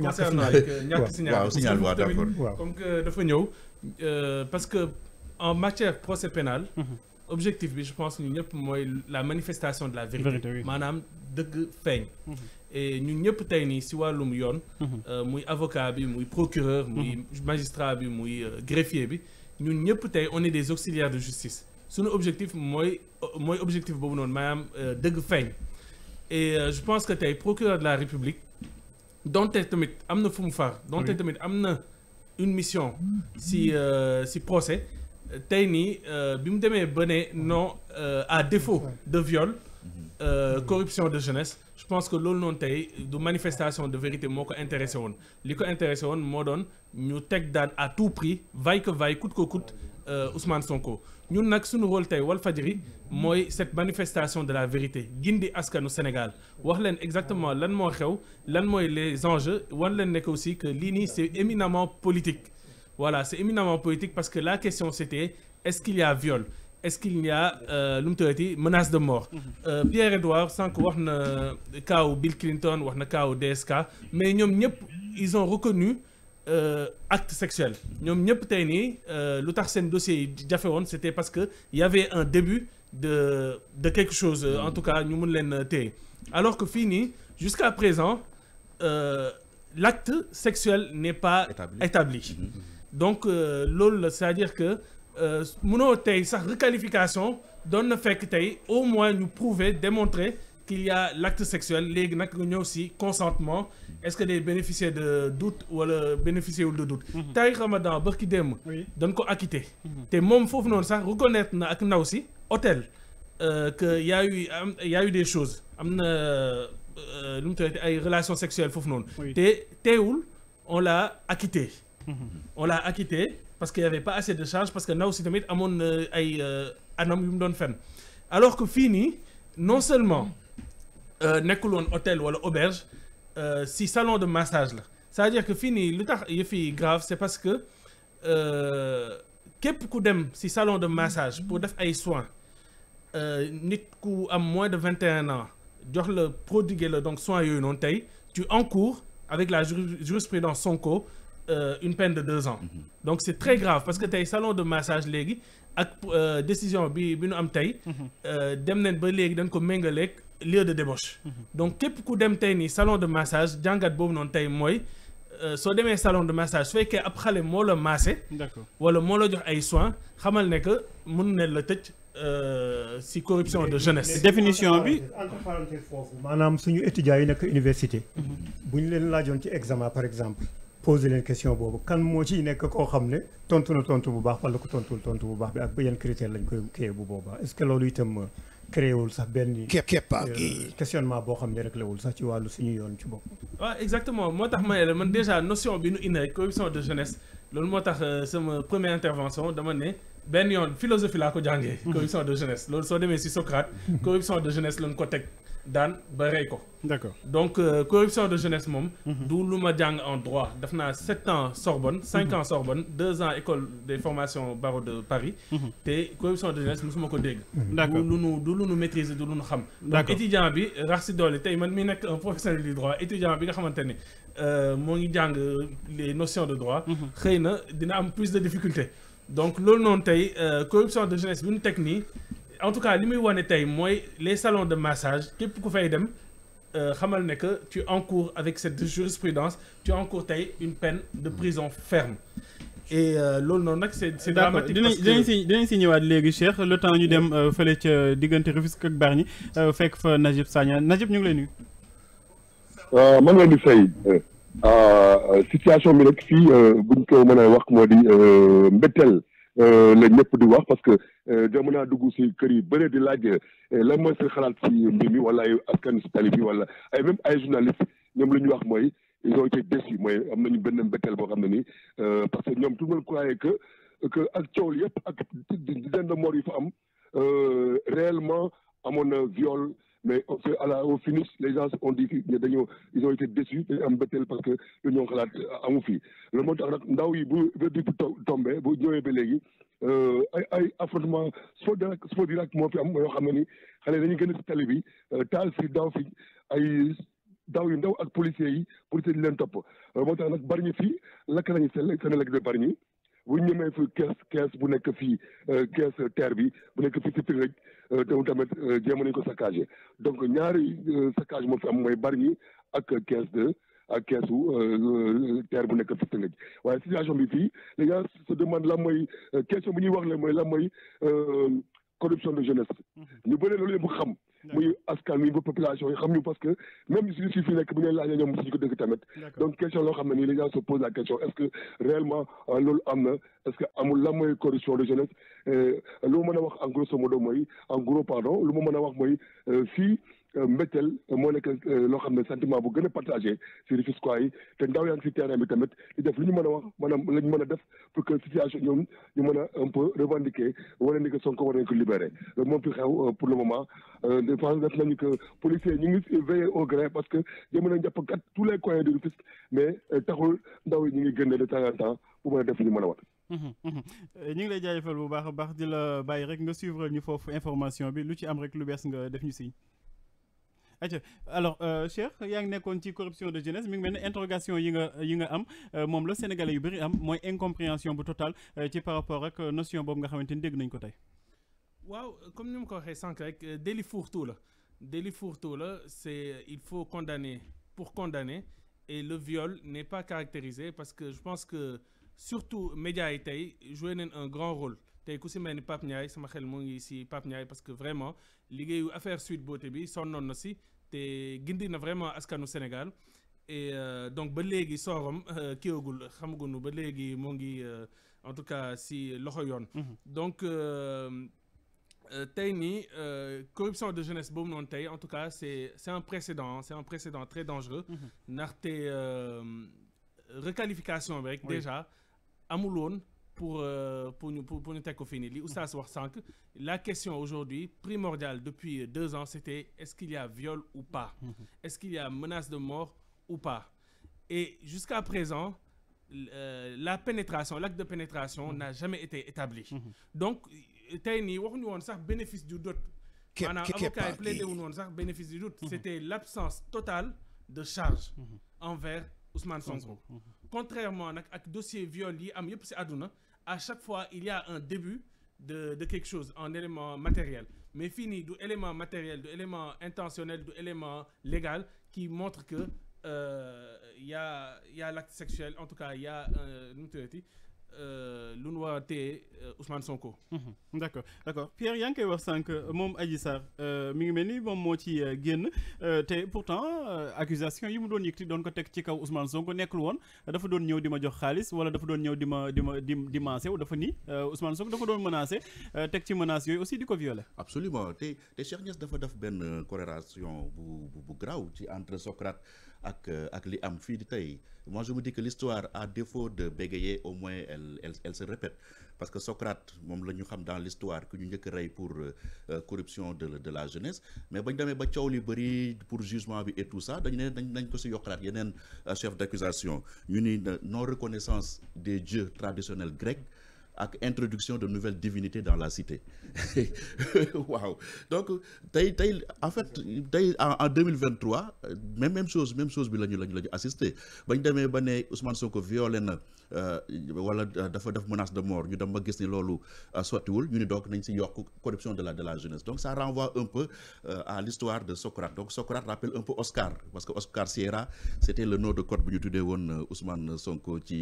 concernant ñàkk signal waaw signal waaw d'accord comme que dafa ñëw euh, parce que en matière procès pénal mhm. objectif bi je pense ñu ñëpp mooy la manifestation de la vérité maanaam dëgg feeñ mhm. et ñun ñëpp tey nii si wàllum yoon mhm. euh, muy avocat bi muy procureur muy magistrat bi muy euh, greffier bi ñun ñëpp tey on est des auxiliaires de justice suñu objectif mooy mooy objectif boobu noonu maanaam dëgg feeñ et je pense que tey procureur de la République donte tamit am na fu mu far donte tamit am na une mission mm. si euh, si procès tey nii euh, bi mu demee ba ne non euh, à défaut de viol mhm. corruption de jeunesse je pense que loolu noon tey du manifestation de vérité moo ko intéressé woon li ko intéressé woon moo doon ñu teg daan à tout prix vaille que vaille coûte ko coûte Euh, Ousmane Sonko ñun nag suñu rôle tey Walfadjri mooy cette manifestation de la vérité gindi askanu Sénégal wax leen exactement lan moo xew lan mooy les enjeux wan leen nekk aussi que lii nii c'est éminemment politique wala c'est éminemment politique parce que la question c'était est-ce qu'il y a viol est-ce qu'il y euh, lu mu tëddati menace de mort mm-hmm. euh, Pierre-Edouard Sank wax na kaaw Bill Clinton wax na kaaw DSK mais ñoom ñëpp ils ont reconnu Euh, acte sexuel ñoom ñëpp tey nii euh, lu tax seen dossier yi jafe woon c'était parce que y avait un début de quelque chose euh, en tout cas ñu mun leen téye alors que fii nii jusqu'à présent l'acte sexuel n'est pas établi mm-hmm. donc loolu la c'est-à-dire que munoo tey sax requalification doon na fekk tey au moins ñu prouver démontrer qu'il y a l'acte sexuel léegi nag nga ñëw si consentement est-ce que day bénéficier de doute wala bénéficier wul de doute mhm. Tariq Ramadan bërki démb dañ ko acquitté mhm. te moom foofu noonu sax reconnaître na ak ndaw si hôtel euh, que y eu des choses am na euh, lu mu tuddati ay relations sexuelles foofu noonu te teewul on l'a acquitté mhm. on l'a acquitté parce qu'il y avait pas assez de charges parce que ndaw si tamit amoon ay euh, anam yu mu doon fen alors que fii nii non seulement Euh, nekkul woon hôtel wala auberge euh, si salon de massage la c'est-à-dire que fii nii lu tax yëf yi grave c'est parce que euh, képp ku dem si salon de massage pour def ay soins nit ku am moins de vingt et un ans jox la prodiguer la donc soins yooyu noonu tey tu encours avec la jurisprudence Sonko une peine de deux ans mhm. donc c'est très grave parce que tey salon de massage léegi ak décision bi bi nu am tey mhm. dem nañ ba léegi dañ ko méngaleeg lieu de débauche. Mhm. donc képp ku dem tey nii salon de massage jàngat boobu noonu tey mooy euh, soo demee salon de massage su fekkee ab xale moo la massé. d'accord wala moo la jox ay soins xamal ne que mun ne la tëj. Euh, si corruption de jeunesse. définition bi entre parenthèse foofu maanaam suñu étudiants yi nekk université. Mhm. bu ñu leen laajoon ci examen par exemple. poser leen question boobu kan moo ci nekk koo xam ne tontu na tontu bu baax wala ko tontul tontu bu baax bi ak yan criter lañ koy bu boobaa est-ce créé wul sax benn. képp képp euh, questionnement boo xam ne rek la wul sax ci wàllu suñu yoon ci bopp. waaw exactement moo tax ma ne la man déjà notion bi nu indi corruption de jeunesse loolu moo tax euh, sama première intervention dama ne. benn yoon philosophie laa ko jàngee. corruption de jeunesse loolu soo demee si Socrate. corruption de jeunesse lañ ko teg daan ba rey ko. d'accord donc euh, corruption de jeunesse moom. Mhm. du lu ma jàng en droit def naa sept ans Sorbonne cinq mhm. ans Sorbonne deux ans école des formations barreau de Paris. Mhm. te corruption de jeunesse mosuma ko dégg. d'accord du lu nu du lu nu maîtriser du lu nu xam. donc étudiant bi rax si doole tey man mi nekk un professionnel du droit étudiant bi nga xamante ni euh, moo ngi jàng les notions de droit. xëy na dina am plus de difficulté. donc loolu noonu tey euh, corruption de jeunesse bu ñu teg nii en tout cas li muy wane tey mooy les salon de massage képp ku fay dem euh, xamal ne que tu encours avec cette jurisprudence tu encours tey une peine de prison ferme et euh, loolu noonu nag c'est c'est dramatique parce que si dinañ si ñëwaat léegi Cheikh le temps ñu dem fële ca diggante Rufisque ak Bargny fekk fa Najib Sagna Najib ñu ngi lay nuyu. waaw man la Euh, situation bi nag fii euh, buñ ko mën a wax moo di euh, mbetteel la ñëpp di wax parce que dama naa dugg si kër yi bëree di laaj lan mooy seen xalaat si mbir mi wala ay askan si tali bi wala ay même ay journaliste ñoom lu ñu wax mooy ils ont été déçus mooy am nañu benn mbetteel boo xam ne ni parce que ñoom tout le monde croyait que que ak coow yëpp ak dizaine de morts yu fa am réellement amoon na viol mais au à la au finish les gens ont dit que dañoo ils ont été déçus dañu am bëtteel parce que lu ñoo xalaat euh, amu fi loolu moo tax nag ndaw yi bu verdict bu tombé bu ñëwee ba léegi euh, ay ay affrontement sport dira sport dira moo fi am yoo xam ne ni xale dañu gën a si tali bi euh, taal fi daaw fi ay daaw yu ndaw ak policiers yi policiers yi leen topp moo tax nag bari ñu fii lakk nañu seen seen lakk de bari ñu bu ñemee fi kees kees bu nekk fii euh, kees terre bi bu nekk fi si Tëngëj euh, te tamit euh, jéem nañu ko saccagé donc ñaari saccage moo fi am mooy ñi ak kees de ak keesu terre bu nekk fii Tëngëj waaye situation bi fii les gars demande lan mooy question bu ñuy wax la mooy la mooy corruption de jeunesse mm-hmm. ñu bëri loolu yëpp xam. muy askan wi ba population yi xam ñu parce que même suñu si fi nekk bu ñu laajee ñoom mosuñu ko dégg tamit donc question loo xam ne nii les gens se posent la question est-ce que réellement euh, loolu am na est-ce que amul la mooy corruption de jeunesse euh, lu ma mën a wax en grosso modo mooy en gros pardon lu ma mën a wax mooy fii euh, mbetteel moo nekk euh, loo xam ne sentiment bu gën a partagé si Rufisquois yi te ndaw yaa ngi bi tamit di def lu ñu mën a wax maanaam mën a def pour que situation ñu mën a un peu revendiquer wala ni que Sonko war nañ ko libéré euh, euh, parce que jëm nañ jàpp kat tous les coins de Rufisque mais taxul ndaw yi ñu ngi génne de temps en temps pour mën a def lu ñu mën a wax. ñu ngi lay jaajëfal bu baax baax di la bàyyi rek nga suivre ñu foofu information bi lu ci am rek lu bees atia alors euh, Cheikh yaa ngi nekkoon ci corruption de jeunesse mi ngi mel ne interrogation yi nga yi nga am euh, moom la sénégale yu bëri am mooy incompréhension bu totale euh, ci par rapport ak notion boobu nga xamante ni dégg nañ ko tey. waaw comme ni ma ko waxee sànq rek délit fourre-tout la délit fourre-tout la c'est il faut condamner pour condamner et le viol n'est pas caractérisé parce que je pense que surtout médias yi tey joué nañ un grand rôle. tey ku si mel ni Pape Ndiaye sama xel moo ngi si pap Ndiaye parce que vraiment liggéeyu affaire Sweet Beauté bi sonnoon na si te gindi na vraiment askanu Sénégal et euh, donc ba léegi sooram euh, kiiwagul xamagunu ba léegi moo ngi euh, en tout cas si loxo yoon. Mhm. donc tey nii corruption de jeunesse boobu noonu tey en tout cas c' est c' est un précédent c' très dangereux. Mhm. ndaxte requalification bi rek. déjà amul woon. pour euh, pour ñu pour ñu teg ko fii la question aujourd'hui primordiale depuis deux ans c'était est-ce qu'il y a viol ou pas est-ce qu'il y a menace de mort ou pas et jusqu'à présent euh, la pénétration l'acte de pénétration mmh. n'a jamais été établi donc tey nii waxuñu woon sax bénéfice du doute maanaam avocat sax bénéfice du doute c'était l'absence totale de charge mmh. envers Ousmane Sonko contrairement nag ak dossier viol yi am yëpp ci àdduna à chaque fois il y a un début de de quelque chose en élément matériel mais fii nii du élément matériel du élément intentionnel du élément légal qui montre que euh, y a l'acte sexuel en tout cas y a euh, nu nu euh, war a euh, Sonko. Mmh Pierre yaa ngi koy wax sànq moom mi ngi mel ni moom moo ci euh, génn euh, te pourtant euh, accusation yi mu doon yëkkati doon ko teg ci kaw Ousmane Sonko nekkul woon dafa doon ñëw di ma jox xaalis wala dafa doon ñëw di ma di ma wu dafa ni Ousmane Sonko dafa doon menacé teg ci menace yooyu aussi di ko violé absolument te te Cheikh dafa def benn corrélation bu bu graw ci entre Socrate ak ak li am fii di tey moi je me dis que l'histoire à défaut de bégayer au moins elle elle se répète parce que Socrate moom la ñu xam dans l'histoire ku ñu njëkk rey pour euh, euh, corruption de de la jeunesse mais bañ demee ba coow li bëri pour jugement bi et tout ça dañ ne dañ nañ ko si yokkalaat yeneen euh, chef d'accusation ñu ni non reconnaissance des dieux traditionnels grecs ak introduction de nouvelles divinités dans la cité waaw donc tey tey en fait tey en 2023 même même chose même chose bi la ñu la ñu la ñu assisté bañ demee ba ne Ousmane Sonko violé na euh, euh, dafa def menace de mort ñu dem ba gis ni loolu euh, sottiwul ñu ni donc nañ si yokk corruption de la de la jeunesse donc ça renvoie un peu à l'histoire de Socrate donc Socrate rappelle un peu Oscar parce que Oscar Sierra c'était le nom de code bu ñu tuddee woon Ousmane Sonko ci